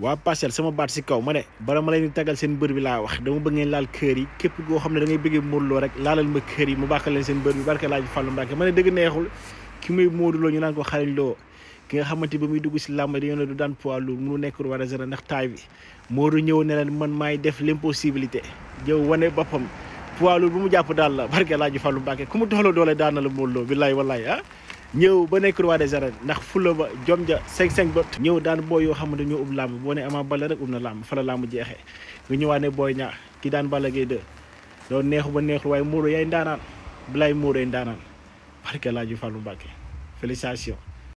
waa parcelle sama baat si kaw ma ne bala ma leen di taggal seen bër bi laa wax dama bëgg ngeen laal kër yi képp koo xam ne da ngay bëggee Modou Lo rek laalal ma kër yi mu bàkkal leen seen bër bi barke ma ne dëgg neexul ki muy Modou ñu naan ko xarañ loo ki nga xamante ba muy dugg si làmb dañoo ne du daan poids munu nekk roi des arènes ndax taay bi Modou ñëw ne leen man maay def l'impossibilité jëw wane boppam poids lourd bu mu jàpp daal la barke laaj Fallou Mbacke ku mu doxla doole daan la Modou Lo billaay wallaay ah. ñëw ba nekk roi des arènes ndax fula ba jom ja cinq-cinq bët ñëw daan booy yoo xamante ñoo ub làmb boo ne Ama Baldé rek ub na làmb fa la jeexee nga ñëwaat ne Boy Niang ki daan Balla gay 2 loolu neexu ba neexul waaye muuro yaay ndaanaan bilay muuro yaay ndaanaan barke laa ju Fallou Mbacké félicitation